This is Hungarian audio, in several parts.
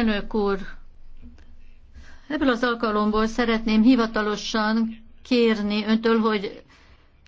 Elnök úr, ebből az alkalomból szeretném hivatalosan kérni öntől, hogy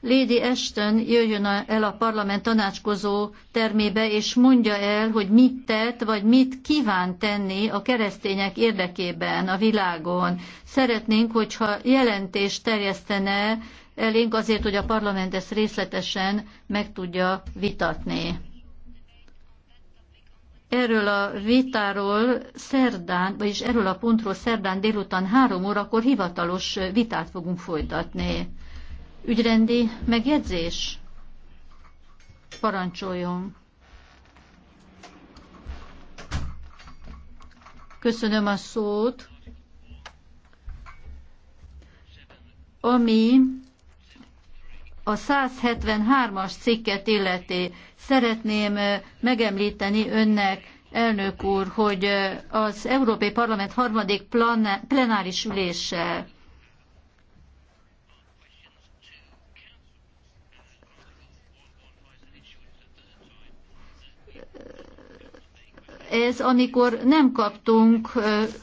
Lady Ashton jöjjön el a parlament tanácskozó termébe, és mondja el, hogy mit tett, vagy mit kíván tenni a keresztények érdekében a világon. Szeretnénk, hogyha jelentést terjesztene elénk azért, hogy a parlament ezt részletesen meg tudja vitatni erről a vitáról szerdán, vagyis erről a pontról szerdán délután három órakor hivatalos vitát fogunk folytatni. Ügyrendi megjegyzés? Parancsoljon. Köszönöm a szót. Ami a 173-as cikket illeti. Szeretném megemlíteni önnek, elnök úr, hogy az Európai Parlament harmadik plenáris ülése ez, amikor nem kaptunk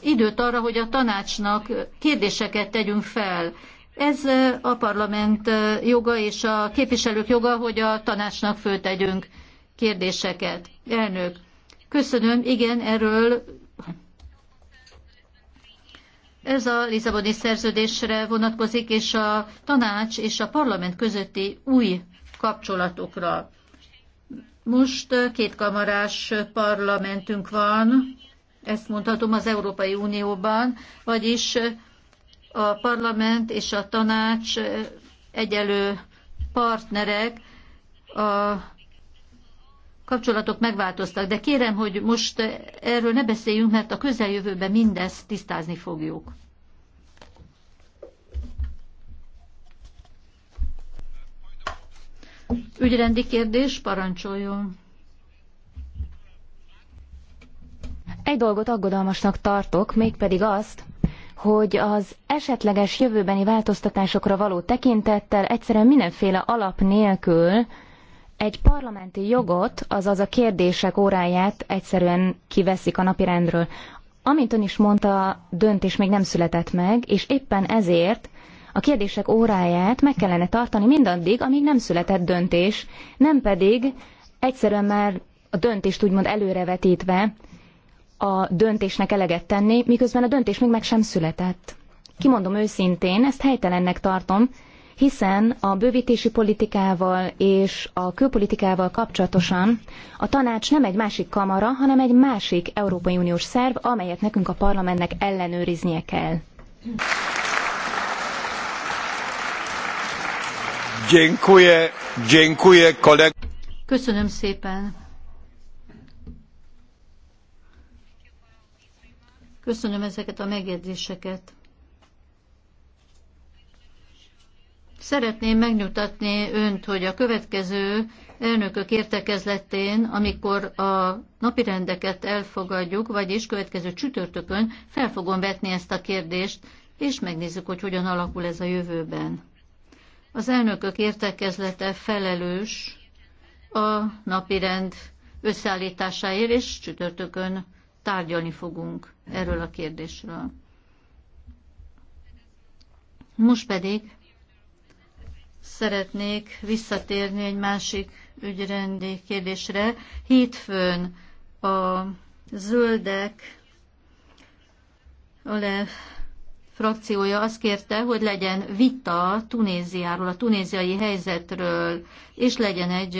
időt arra, hogy a tanácsnak kérdéseket tegyünk fel. Ez a parlament joga és a képviselők joga, hogy a tanácsnak föltegyünk kérdéseket. Elnök, köszönöm, igen, erről ez a Lisszaboni szerződésre vonatkozik, és a tanács és a parlament közötti új kapcsolatokra. Most kétkamarás parlamentünk van, ezt mondhatom az Európai Unióban, vagyis a parlament és a tanács egyelő partnerek, a kapcsolatok megváltoztak, de kérem, hogy most erről ne beszéljünk, mert a közeljövőben mindezt tisztázni fogjuk. Ügyrendi kérdés, parancsoljon. Egy dolgot aggodalmasnak tartok, mégpedig azt, hogy az esetleges jövőbeni változtatásokra való tekintettel egyszerűen mindenféle alap nélkül egy parlamenti jogot, azaz a kérdések óráját egyszerűen kiveszik a napirendről. Amint ön is mondta, döntés még nem született meg, és éppen ezért a kérdések óráját meg kellene tartani mindaddig, amíg nem született döntés, nem pedig egyszerűen már a döntést úgymond előrevetítve a döntésnek eleget tenni, miközben a döntés még meg sem született. Kimondom őszintén, ezt helytelennek tartom, hiszen a bővítési politikával és a külpolitikával kapcsolatosan a tanács nem egy másik kamara, hanem egy másik Európai Uniós szerv, amelyet nekünk a parlamentnek ellenőriznie kell. Köszönöm szépen Köszönöm ezeket a megjegyzéseket. Szeretném megnyugtatni önt, hogy a következő elnökök értekezletén, amikor a napirendeket elfogadjuk, vagyis következő csütörtökön fel fogom vetni ezt a kérdést, és megnézzük, hogy hogyan alakul ez a jövőben. Az elnökök értekezlete felelős a napirend összeállításáért, és csütörtökön tárgyalni fogunk erről a kérdésről. Most pedig szeretnék visszatérni egy másik ügyrendi kérdésre. Hétfőn a zöldek a le frakciója azt kérte, hogy legyen vita Tunéziáról, a tunéziai helyzetről, és legyen egy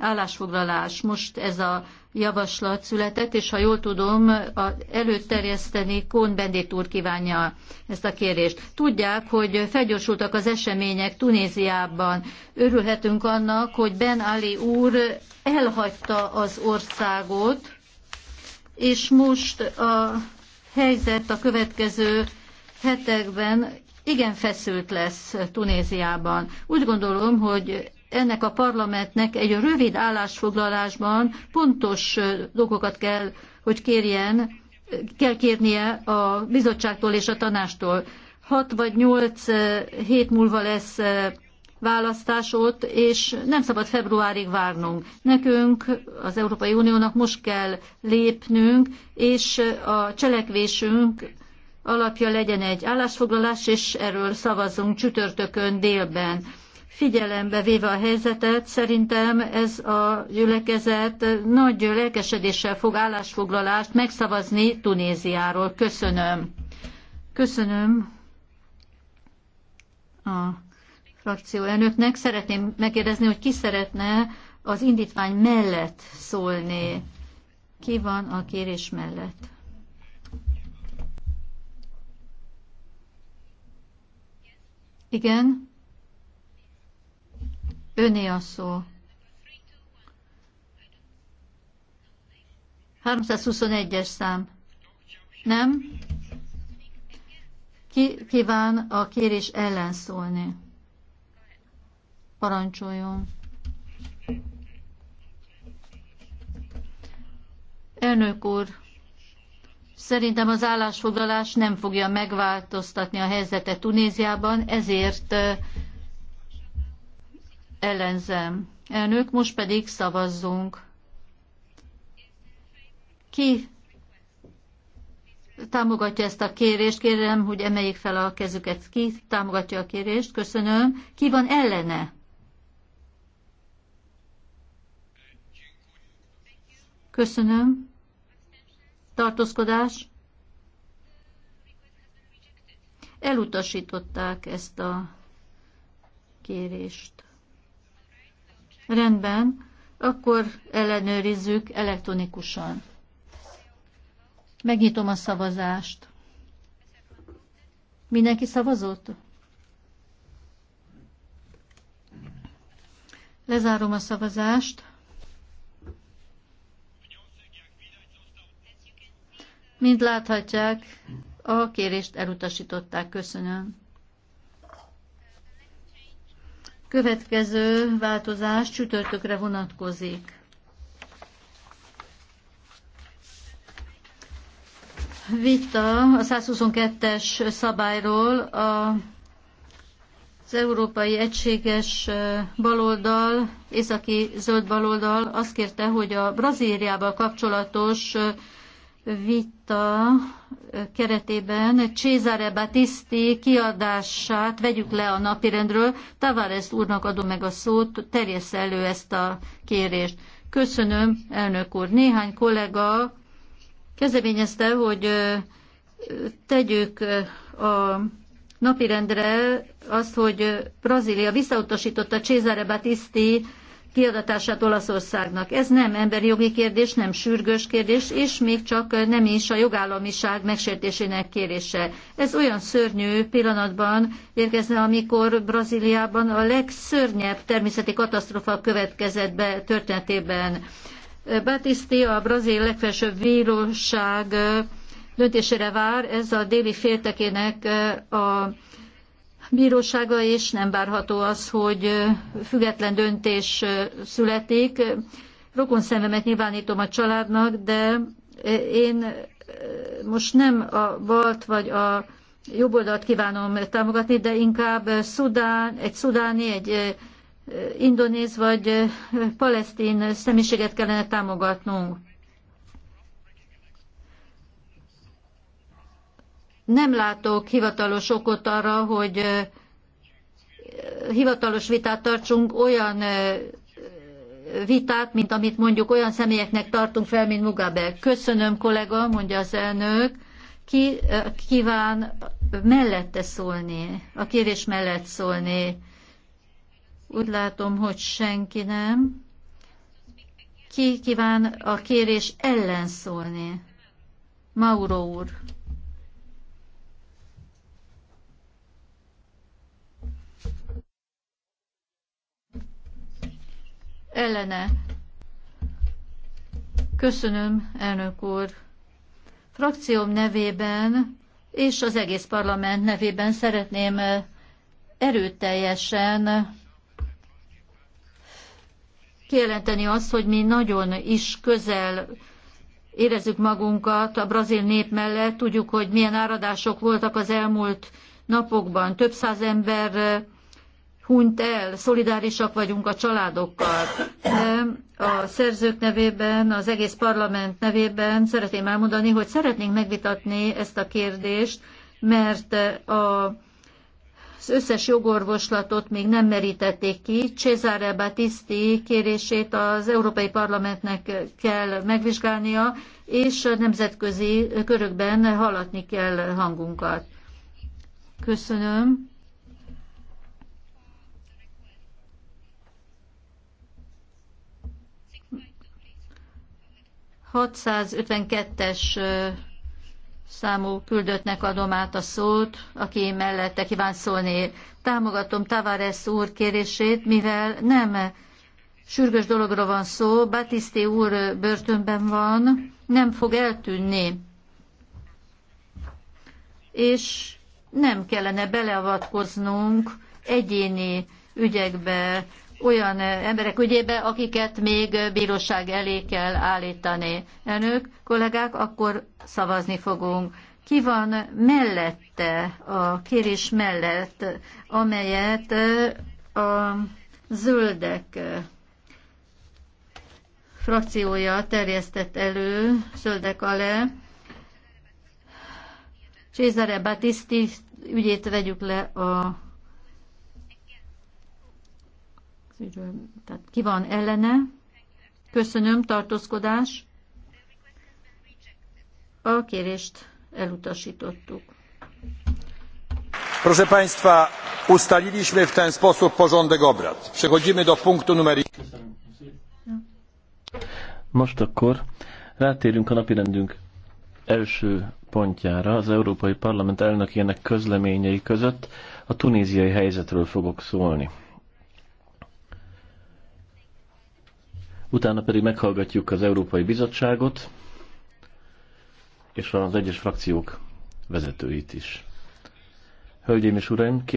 állásfoglalás. Most ez a javaslat született, és ha jól tudom, a előterjeszteni Kón Bendit úr kívánja ezt a kérést. Tudják, hogy felgyorsultak az események Tunéziában. Örülhetünk annak, hogy Ben Ali úr elhagyta az országot, és most a helyzet a következő hetekben igen feszült lesz Tunéziában. Úgy gondolom, hogy ennek a parlamentnek egy rövid állásfoglalásban pontos dolgokat kell, hogy kérjen, kell kérnie a bizottságtól és a tanástól. Hat vagy nyolc hét múlva lesz választás ott, és nem szabad februárig várnunk. Nekünk, az Európai Uniónak most kell lépnünk, és a cselekvésünk alapja legyen egy állásfoglalás, és erről szavazzunk csütörtökön délben figyelembe véve a helyzetet, szerintem ez a gyülekezet nagy lelkesedéssel fog állásfoglalást megszavazni Tunéziáról. Köszönöm. Köszönöm a frakció elnöknek. Szeretném megkérdezni, hogy ki szeretne az indítvány mellett szólni. Ki van a kérés mellett? Igen. Öné a szó. 321-es szám. Nem? Ki kíván a kérés ellen szólni? Parancsoljon. Elnök úr, szerintem az állásfoglalás nem fogja megváltoztatni a helyzetet Tunéziában, ezért ellenzem. Elnök, most pedig szavazzunk. Ki támogatja ezt a kérést? Kérem, hogy emeljék fel a kezüket. Ki támogatja a kérést? Köszönöm. Ki van ellene? Köszönöm. Tartózkodás? Elutasították ezt a kérést. Rendben, akkor ellenőrizzük elektronikusan. Megnyitom a szavazást. Mindenki szavazott? Lezárom a szavazást. Mint láthatják, a kérést elutasították. Köszönöm. Következő változás csütörtökre vonatkozik. Vita a 122-es szabályról a az Európai Egységes Baloldal, északi zöld baloldal azt kérte, hogy a Brazíliával kapcsolatos vita keretében Cesare Battisti kiadását vegyük le a napirendről. Tavares úrnak adom meg a szót, terjesz elő ezt a kérést. Köszönöm, elnök úr. Néhány kollega kezdeményezte, hogy tegyük a napirendre azt, hogy Brazília visszautasította Cesare Battisti kiadatását Olaszországnak. Ez nem emberi jogi kérdés, nem sürgős kérdés, és még csak nem is a jogállamiság megsértésének kérése. Ez olyan szörnyű pillanatban érkezne, amikor Brazíliában a legszörnyebb természeti katasztrofa következett be történetében. Batiszti a brazil legfelsőbb bíróság döntésére vár, ez a déli féltekének eh, a bírósága, és nem várható az, hogy független döntés születik. Rokon szememet nyilvánítom a családnak, de én most nem a balt vagy a jobb oldalt kívánom támogatni, de inkább Szudán, egy szudáni, egy indonéz vagy palesztin személyiséget kellene támogatnunk. Nem látok hivatalos okot arra, hogy hivatalos vitát tartsunk olyan vitát, mint amit mondjuk olyan személyeknek tartunk fel, mint Mugabe. Köszönöm, kollega, mondja az elnök. Ki kíván mellette szólni, a kérés mellett szólni? Úgy látom, hogy senki nem. Ki kíván a kérés ellen szólni? Mauro úr. ellene. Köszönöm, elnök úr. Frakcióm nevében és az egész parlament nevében szeretném eh, erőteljesen kijelenteni azt, hogy mi nagyon is közel érezzük magunkat a brazil nép mellett. Tudjuk, hogy milyen áradások voltak az elmúlt napokban. Több száz ember eh, hunyt el, szolidárisak vagyunk a családokkal. De a szerzők nevében, az egész parlament nevében szeretném elmondani, hogy szeretnénk megvitatni ezt a kérdést, mert a az összes jogorvoslatot még nem merítették ki. Cesare Battisti kérését az Európai Parlamentnek kell megvizsgálnia, és a nemzetközi körökben hallatni kell hangunkat. Köszönöm. 652-es számú küldöttnek adom át a szót, aki mellette kíván szólni. Támogatom Tavares úr kérését, mivel nem sürgős dologról van szó, Batiszté úr börtönben van, nem fog eltűnni. És nem kellene beleavatkoznunk egyéni ügyekbe, olyan emberek ügyébe, akiket még bíróság elé kell állítani. Önök, kollégák, akkor szavazni fogunk. Ki van mellette, a kérés mellett, amelyet a zöldek frakciója terjesztett elő, zöldek alá, Cézare Batiszti ügyét vegyük le a Tehát ki van ellene? Köszönöm, tartózkodás. A kérést elutasítottuk. Proszę Państwa, ustaliliśmy w ten sposób porządek obrad. Przechodzimy do punktu numer... Most akkor rátérünk a napirendünk első pontjára, az Európai Parlament elnökének közleményei között a tunéziai helyzetről fogok szólni. utána pedig meghallgatjuk az Európai Bizottságot és az egyes frakciók vezetőit is. Hölgyeim és uraim,